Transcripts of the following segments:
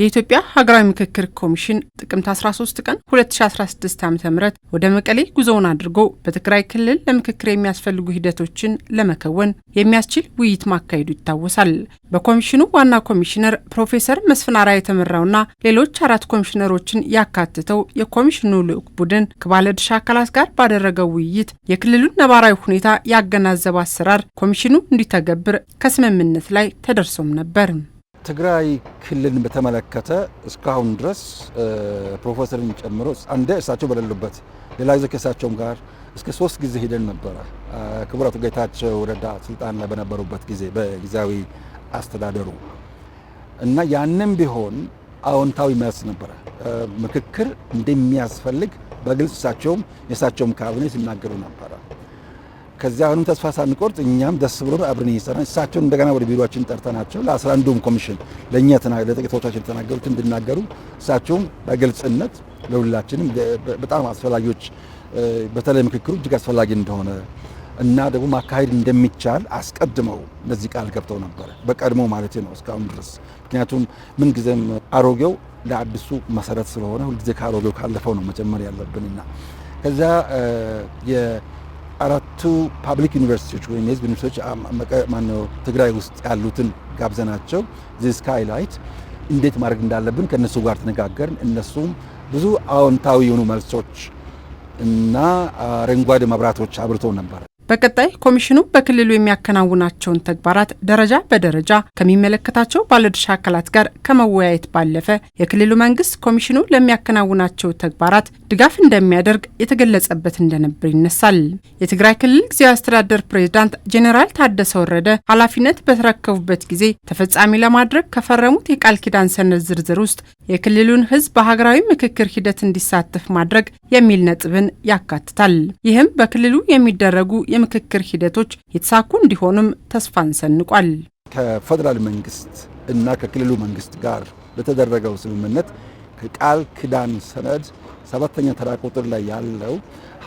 የኢትዮጵያ ሀገራዊ ምክክር ኮሚሽን ጥቅምት 13 ቀን 2016 ዓ ም ወደ መቀሌ ጉዞውን አድርጎ በትግራይ ክልል ለምክክር የሚያስፈልጉ ሂደቶችን ለመከወን የሚያስችል ውይይት ማካሄዱ ይታወሳል። በኮሚሽኑ ዋና ኮሚሽነር ፕሮፌሰር መስፍን አርአያ የተመራውና ሌሎች አራት ኮሚሽነሮችን ያካትተው የኮሚሽኑ ልዑክ ቡድን ከባለድርሻ አካላት ጋር ባደረገው ውይይት የክልሉን ነባራዊ ሁኔታ ያገናዘበ አሰራር ኮሚሽኑ እንዲተገብር ከስምምነት ላይ ተደርሶም ነበር። ትግራይ ክልልን በተመለከተ እስካሁን ድረስ ፕሮፌሰርን ጨምሮ አንደ እሳቸው በሌሉበት ሌላ ጊዜ ከእሳቸውም ጋር እስከ ሶስት ጊዜ ሄደን ነበረ። ክቡር አቶ ጌታቸው ረዳ ስልጣን ላይ በነበሩበት ጊዜ በጊዜያዊ አስተዳደሩ እና ያንም ቢሆን አዎንታዊ መልስ ነበረ። ምክክር እንደሚያስፈልግ በግልጽ እሳቸውም የእሳቸውም ካቢኔ ሲናገሩ ነበረ። ከዚያ አሁንም ተስፋ ሳንቆርጥ እኛም ደስ ብሎ አብረን እየሰራ እሳቸውን እንደገና ወደ ቢሮችን ጠርተናቸው ለአስራ አንዱም ኮሚሽን ለእኛ ለጥቂቶቻችን የተናገሩት እንድናገሩ እሳቸውም በግልጽነት ለሁላችንም በጣም አስፈላጊዎች በተለይ ምክክሩ እጅግ አስፈላጊ እንደሆነ እና ደግሞ ማካሄድ እንደሚቻል አስቀድመው እነዚህ ቃል ገብተው ነበረ። በቀድሞ ማለት ነው እስካሁን ድረስ ምክንያቱም ምንጊዜም አሮጌው ለአዲሱ መሰረት ስለሆነ ሁልጊዜ ከአሮጌው ካለፈው ነው መጀመር ያለብንና ከዚያ አራቱ ፓብሊክ ዩኒቨርሲቲዎች ወይም የህዝብ ዩኒቨርሲቲዎች ማነው ትግራይ ውስጥ ያሉትን ጋብዘናቸው ስካይላይት እንዴት ማድረግ እንዳለብን ከእነሱ ጋር ተነጋገርን። እነሱም ብዙ አዎንታዊ የሆኑ መልሶች እና አረንጓዴ መብራቶች አብርተው ነበር። በቀጣይ ኮሚሽኑ በክልሉ የሚያከናውናቸውን ተግባራት ደረጃ በደረጃ ከሚመለከታቸው ባለድርሻ አካላት ጋር ከመወያየት ባለፈ የክልሉ መንግስት ኮሚሽኑ ለሚያከናውናቸው ተግባራት ድጋፍ እንደሚያደርግ የተገለጸበት እንደነበር ይነሳል። የትግራይ ክልል ጊዜያዊ አስተዳደር ፕሬዝዳንት ጄኔራል ታደሰ ወረደ ኃላፊነት በተረከቡበት ጊዜ ተፈጻሚ ለማድረግ ከፈረሙት የቃል ኪዳን ሰነድ ዝርዝር ውስጥ የክልሉን ህዝብ በሀገራዊ ምክክር ሂደት እንዲሳተፍ ማድረግ የሚል ነጥብን ያካትታል። ይህም በክልሉ የሚደረጉ የምክክር ሂደቶች የተሳኩ እንዲሆኑም ተስፋን ሰንቋል። ከፌዴራል መንግስት እና ከክልሉ መንግስት ጋር በተደረገው ስምምነት ከቃል ክዳን ሰነድ ሰባተኛ ተራ ቁጥር ላይ ያለው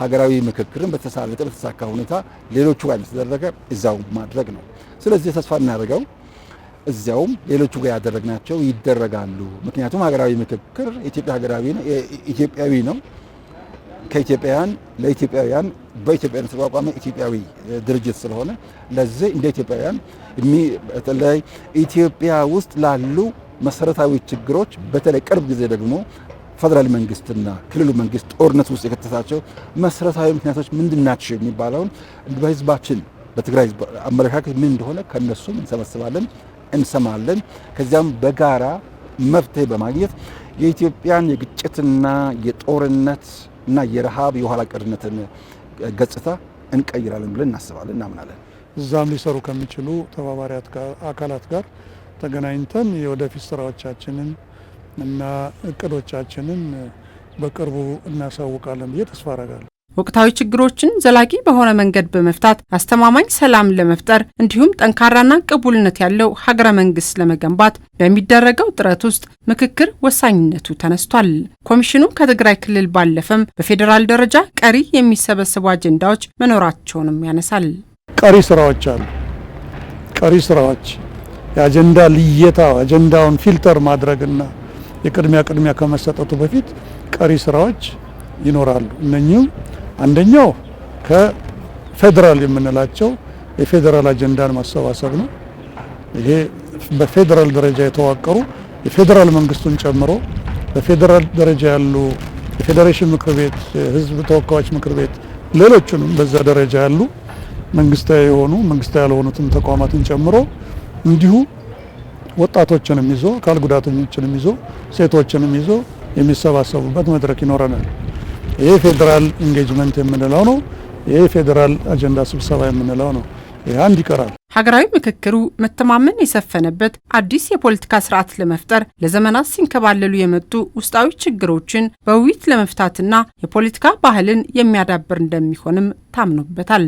ሀገራዊ ምክክርን በተሳለጠ በተሳካ ሁኔታ ሌሎቹ ጋር የተደረገ እዚያው ማድረግ ነው። ስለዚህ ተስፋ እናደርገው እዚያውም ሌሎቹ ጋር ያደረግናቸው ይደረጋሉ። ምክንያቱም ሀገራዊ ምክክር ኢትዮጵያ ሀገራዊ ኢትዮጵያዊ ነው። ከኢትዮጵያውያን ለኢትዮጵያውያን በኢትዮጵያ የተቋቋመ ኢትዮጵያዊ ድርጅት ስለሆነ ለዚህ እንደ ኢትዮጵያውያን በተለይ ኢትዮጵያ ውስጥ ላሉ መሰረታዊ ችግሮች በተለይ ቅርብ ጊዜ ደግሞ ፌዴራል መንግስትና ክልሉ መንግስት ጦርነት ውስጥ የከተታቸው መሰረታዊ ምክንያቶች ምንድን ናቸው የሚባለውን በህዝባችን በትግራይ አመለካከት ምን እንደሆነ ከነሱም እንሰበስባለን፣ እንሰማለን። ከዚያም በጋራ መፍትሄ በማግኘት የኢትዮጵያን የግጭትና የጦርነት እና የረሃብ የኋላ ቀርነትን ገጽታ እንቀይራለን ብለን እናስባለን፣ እናምናለን። እዛም ሊሰሩ ከሚችሉ ተባባሪ አካላት ጋር ተገናኝተን የወደፊት ስራዎቻችንን እና እቅዶቻችንን በቅርቡ እናሳውቃለን ብዬ ተስፋ አረጋለሁ። ወቅታዊ ችግሮችን ዘላቂ በሆነ መንገድ በመፍታት አስተማማኝ ሰላም ለመፍጠር እንዲሁም ጠንካራና ቅቡልነት ያለው ሀገረ መንግስት ለመገንባት በሚደረገው ጥረት ውስጥ ምክክር ወሳኝነቱ ተነስቷል። ኮሚሽኑ ከትግራይ ክልል ባለፈም በፌዴራል ደረጃ ቀሪ የሚሰበሰቡ አጀንዳዎች መኖራቸውንም ያነሳል። ቀሪ ስራዎች አሉ። ቀሪ ስራዎች የአጀንዳ ልየታ አጀንዳውን ፊልተር ማድረግና የቅድሚያ ቅድሚያ ከመሰጠቱ በፊት ቀሪ ስራዎች ይኖራሉ እነኚህም አንደኛው ከፌዴራል የምንላቸው የፌዴራል አጀንዳን ማሰባሰብ ነው። ይሄ በፌዴራል ደረጃ የተዋቀሩ የፌዴራል መንግስቱን ጨምሮ በፌዴራል ደረጃ ያሉ የፌዴሬሽን ምክር ቤት፣ የህዝብ ተወካዮች ምክር ቤት፣ ሌሎቹንም በዛ ደረጃ ያሉ መንግስታዊ የሆኑ መንግስታዊ ያልሆኑትን ተቋማትን ጨምሮ እንዲሁ ወጣቶችንም ይዞ አካል ጉዳተኞችንም ይዞ ሴቶችንም ይዞ የሚሰባሰቡበት መድረክ ይኖረናል። ይሄ ፌዴራል ኢንጌጅመንት የምንለው ነው። ይሄ ፌዴራል አጀንዳ ስብሰባ የምንለው ነው። ይህ አንድ ይቀራል። ሀገራዊ ምክክሩ መተማመን የሰፈነበት አዲስ የፖለቲካ ስርዓት ለመፍጠር ለዘመናት ሲንከባለሉ የመጡ ውስጣዊ ችግሮችን በውይይት ለመፍታትና የፖለቲካ ባህልን የሚያዳብር እንደሚሆንም ታምኖበታል።